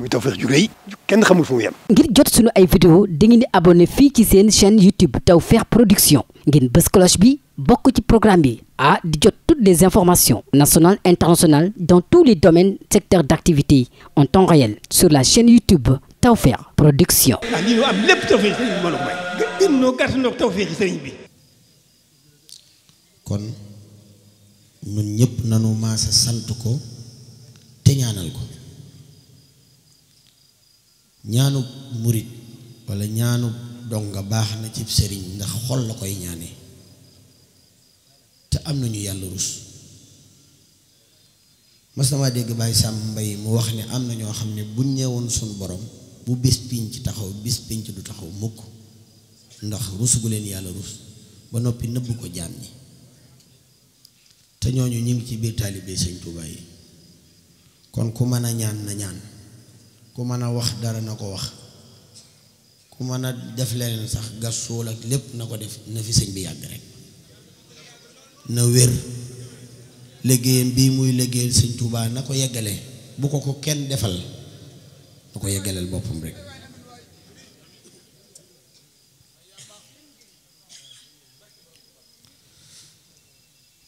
muy Tawfekh ju rëy kenn xamul fu mu ngir jot sunu ay vidéo dangeen di abonné fii ci seen chaîne YouTube Tawfekh Production ngeen bës bi bokk ci programme bi ah di jot toutes des informations nationales internationales dans tous les domaines secteurs d'activité en temps réel sur la chaine YouTube Tawfekh Production. ah lii ñu am lépp Tawfekh sëriñ bi bi. kon ñun ñëpp nanu maase sant ko te ñaanal ko. ñaanub murit walla ñaanub donga baax na ci sëriñ ndax xol la koy ñaane te am nañu yàlla rus mas namaa dégg baay sàmm mbay mu wax ni am na ñoo xam ne bu ñëwoon suñu boroom bu bis ci taxaw bis pinc du taxaw mukk ndax rus gu leen yàlla rus ba noppi nëbb ko jaam yi te ñooñu ñu ngi ci biir taalibe sëñ Tuubaa yi kon ku mën a ñaan na ñaan ku mën a wax dara na ko wax ku mën a def leneen sax gas suul lépp na ko def na fi sëñ bi yàgg rek na wér liggéeyam bii muy liggéeyal sëñ Tuubaa na ko yeggale bu ko ko kenn defal na ko yeggaleel boppam rek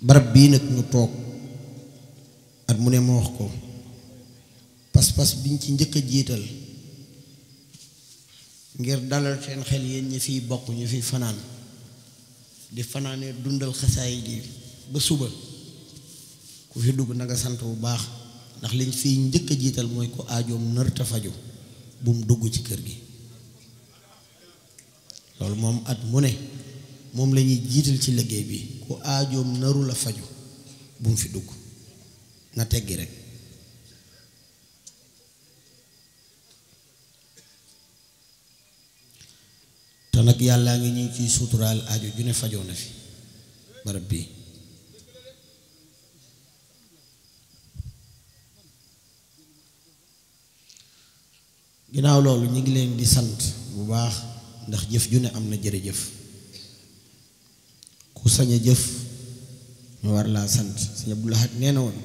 barab bii nag ñu toog at mu ne ma wax ko pas-pas biñ ci njëkk a jiital ngir dalal seen xel yéen ñi fiy bokk ñu fiy fanaan di fanaanee dundal xasaay ji ba suba ku fi dugg na nga sant bu baax ndax liñ fiy njëkk a jiital mooy ku aajoom nërta faju bu mu dugg ci kër gi loolu moom at mu ne moom lañuy jiital ci liggéey bi ku aajoom nërul la faju bu mu fi dugg na teggi rek nag yàllaa ngi ñu ciy suturaal ajo ju ne fajoo fi barab bi ginnaaw loolu ñu ngi leen di sant bu baax ndax jëf ju ne am na jërëjëf ku sañ jëf ñu war laa sant sëñ Abdou Lahad nee na woon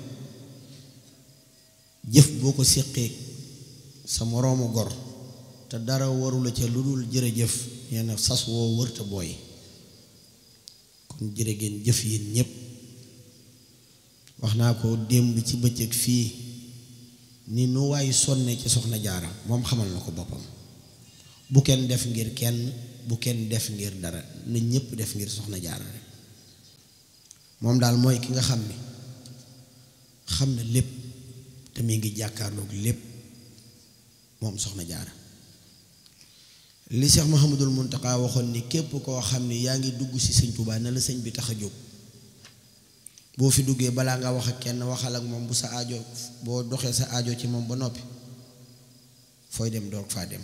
jëf boo ko séqee sa moroomu gor te dara warula ca lu dul jërëjëf nee na sas woo wërta booy kon jërë ngeen jëf yéen ñépp wax naa ko démb ci bëccëg fii ni nu waay sonne ci soxna jaara moom xamal na ko boppam bu kenn def ngir kenn bu kenn def ngir dara na ñépp def ngir soxna jaara moom daal mooy ki nga xam ni xam na lépp te mu ngi jàkkaarlook lépp moom soxna jaara li Cheikh Mouhamadul Mountakha waxoon ni képp koo xam ni yaa ngi dugg ci sëñ Touba na la sëñ bi tax a jóg boo fi duggee balaa nga wax ak kenn waxal ak moom bu sa ajo boo doxee sa ajo ci moom ba noppi fooy dem doog faa dem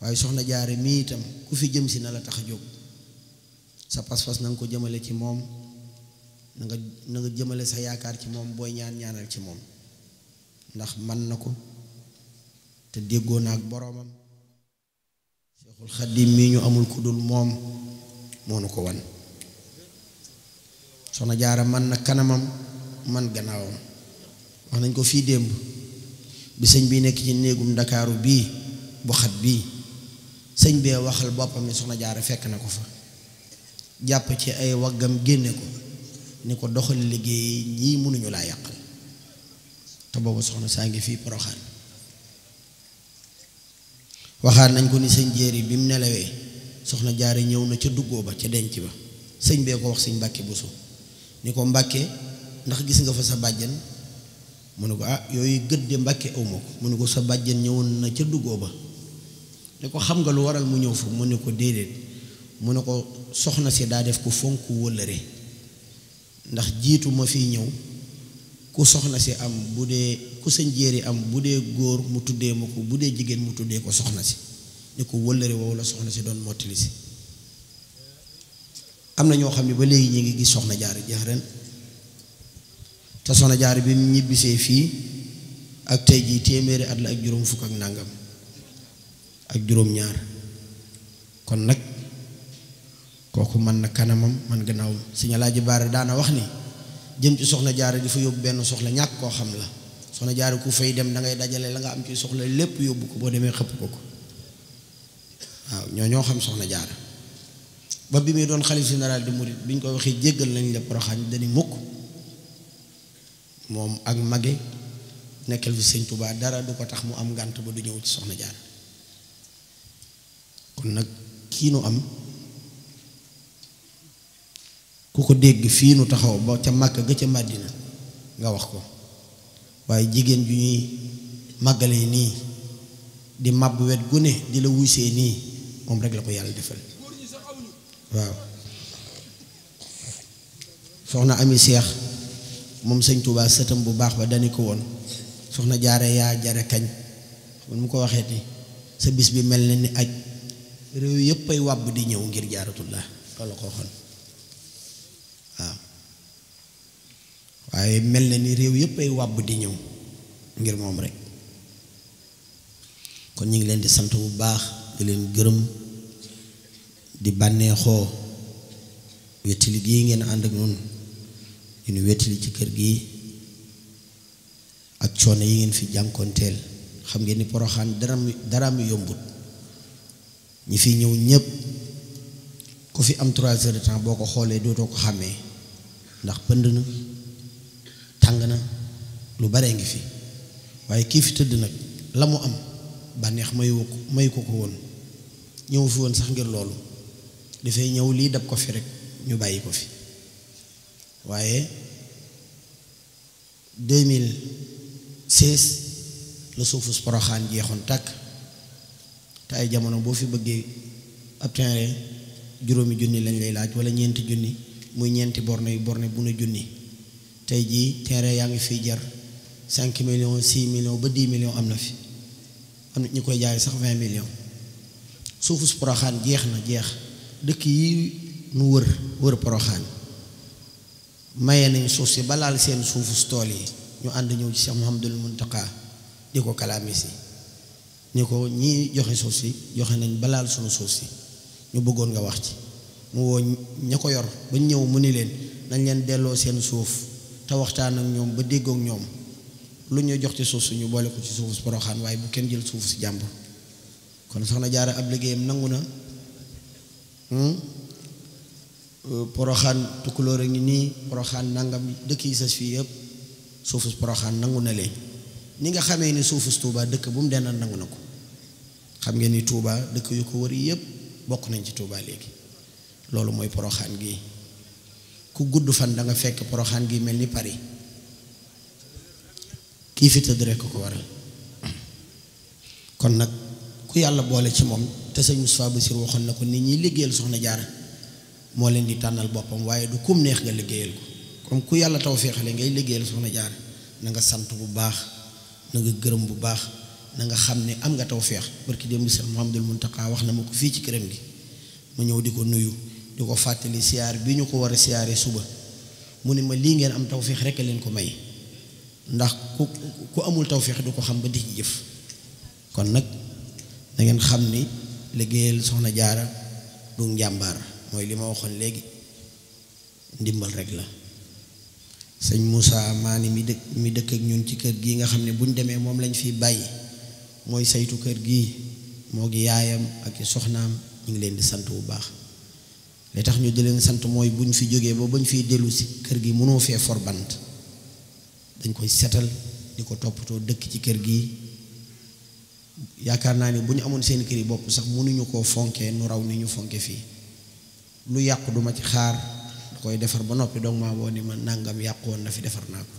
waaye soxna jaare mii itam ku fi jëm si na la tax a jóg sa pas-pas na nga ko jëmale ci moom na nga na nga jëmale sa yaakaar ci moom booy ñaan ñaanal ci moom ndax man na ko te déggoo na ak boroomam Seexul Xaddim mii ñu amul ku dul moom moo nu ko wan soxna jaara man na kanamam man gannaawam wax nañ ko fii démb bi sëñ bi nekk ci néegum ndakaaru bii bu xat bii sëñ bee waxal boppam ne soxna jaara fekk na ko fa jàpp ci ay waggam génne ko ni ko doxal liggéey ñii mënuñu laa yàqal te boobu soxna saa ngi fii poroxaan waxaat nañ ko ni sëñ jéeri bi mu nelawee soxna jaare ñëw na ca duggoo ba ca denc ba sëñ bee ko wax sëñ bu buso ni ko mbàkke ndax gis nga fa sa bàjjan mu ne ko ah yooyu gëdde mbàkke awma ko mu ne ko sa bàjjan ñëwoon na ca duggoo ba ne ko xam nga lu waral mu ñëw fa mu ne ko déedéet mu ne ko soxna si daa def ko fonk wëllëre ndax jiitu ma fiy ñëw ku soxna si am bu dee ku sëñ jéeri am bu dee góor mu tuddee ma ko bu dee jigéen mu tuddee ko soxna si ni ko wëllëre woowu la soxna si doon mottali si am na ñoo xam ne ba léegi ñi ngi gis soxna jaar jeex ren te soxna jaar bi ñibbisee fii ak tey jii téeméeri at la ak juróom fukk ak nàngam ak juróom ñaar kon nag kooku man na kanamam man gannaawam sëñ Alaaji Baara daana wax ni jëm ci soxna jaara di fa yóbbu benn soxla ñàkk koo xam la soxna jaara ku fay dem da ngay dajale la nga am ci soxla lépp yóbbu ko boo demee xëpp ko ko ñoo ñoo xam soxna jaara ba bi muy doon xalif général di murit bi ñu waxee jéggal nañ la poroxaan dañu mukk moom ak mage nekkal fi dara du ko tax mu am ngànt ba du ñëw ci soxna jaara kon nag kii nu am ku ko dégg fii nu taxaw ba ca màkk ga ca màddina nga wax ko waaye jigéen ju ñuy màggalee nii di màbb wet gu di la wuysee nii moom rek la ko yàlla defal waaw soxna ami seex moom sëñ Tuubaa sëtam bu baax ba dani ko woon soxna jaare yaa jare kañ mun mu ko waxee ni sa bis bi mel na ni aj réew yépp ay wàbb di ñëw ngir jaaratullah loolu la ko waxoon waaw waaye mel na ni réew yépp ay wàbb di ñëw ngir moom rek kon ñu ngi leen di sant bu baax di leen gërëm di bànneexoo wettali gii ngeen ànd ak noonu ñu nu wettali ci kër gi ak coono yi ngeen fi jànkoonteel xam ngeen ni poroxaan dara dara mu yombut ñi fi ñëw ñépp ku fi am trois heures boo ko xoolee dootoo ko xàmmee ndax pënd na tàng na lu baree ngi fi waaye kii fi tëdd nag la mu am bànneex mayu ko mayu ko ko woon ñëw fi woon sax ngir loolu dafay ñëw lii dab ko fi rek ñu bàyyi ko fi waaye 2016 la suufu Poroxaan jeexoon tàkk te ay jamono boo fi bëggee ab juróomi junni lañ laaj wala ñeenti junni muy ñeenti borne yu borne bu na junni tey jii terrain yaa ngi fi jar cinq million six millions ba dix millions am na fi am na ñu koy jaay sax vingt millions suufu su poroxaan jeex na jeex dëkk yi mu wër wër poroxaan maye nañ suuf si balaal seen suufu su tool yi ñu ànd ñëw ci Cheikh Mouhamadul Muntaka di ko kalaami si ni ko ñii joxe suuf si joxe nañ balaal sunu suuf si ñu bëggoon nga wax ci mu woo ña ko yor ba ñëw mu ni leen nañ leen delloo seen suuf te waxtaan ak ñoom ba déggook ñoom lu ñu jox ci suuf suñu boole ko ci suuf si Poroxaan waaye bu kenn jël suuf si jàmbur kon soxna jaara ab liggéeyam nangu na hmm? euh, Poroxaan tukkulóor a ngi nii Poroxaan nangam dëkk yi sës fii yëpp suufu Poroxaan nangu na leen ni nga xamee ni suuf si Touba dëkk bu mu dendal nangu na ko xam ngeen ni Touba dëkk yu ko wër yëpp bokk nañ ci tuubaa léegi. loolu mooy poroxaan gi ku gudd fan danga fekk poroxaan gi mel ni Paris kii fi tëdd rekk ko waral kon nag ku yàlla boole ci moom te sëñ Moustapha Bassir waxoon na ko nit ñi liggéeyal soxna jaara moo leen di tànnal boppam waaye du kum neex nga liggéeyal ko comme ku yàlla taw féexale ngay liggéeyal soxna jaar na nga sant bu baax na gërëm bu baax na nga xam ne am nga taw féex barki démb sëñ mun taxaa wax na ma ko fii ci këram gi mu ñëw di ko nuyu du ko fàttali siyaar bi ñu ko war a siyaaree suba mu ni ma lii ngeen am tawféex rekk leen ko may ndax ku ku amul tawféex du ko xam ba di ci jëf kon nag dangeen xam ni liggéeyal soxna jaara du njàmbaar mooy li ma waxoon léegi ndimbal rek la sëñ Moussa Maani mi dëkk mi dëkk ak ñun ci kër gi nga xam ne buñ demee moom lañ fi bàyyi mooy saytu kër gi moo gi yaayam ak soxnaam ñu ngi leen di sant bu baax li tax ñu di sant mooy buñ fi jógee ba bañ fiy dellu si kër gi mënoo fee forbant dañ koy setal di ko toppatoo dëkk ci kër gi yaakaar naa ni bu ñu amoon seen kër yi bopp sax mënuñu koo fonkee nu raw ni ñu fonke fii lu yàqu duma ci xaar da koy defar ba noppi donc maa boo ni ma nàngam yàqu woon na fi defar naa ko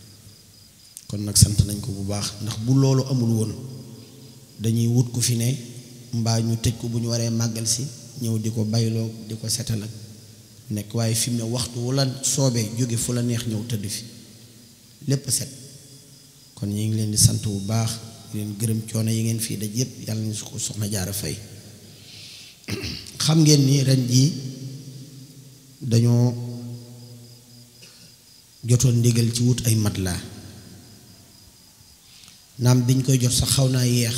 kon nag sant nañ ko bu baax ndax bu loolu amul woon dañuy wut ko fi ne mbaa ñu tëj ko bu ñu waree màggal si ñëw di ko bayloo di ko setal nag nekk waaye fi mu ne waxtu wu la soobee jóge fu la neex ñëw tëdd fi lépp set kon ñu ngi leen di sant bu baax leen gërëm coono yi ngeen fii daj yépp yàlla nañu ko soxna jaara fay xam ngeen ni ren jii dañoo jotoon ndigal ci wut ay mat matelas naam biñ koy jot sax xaw naa yéex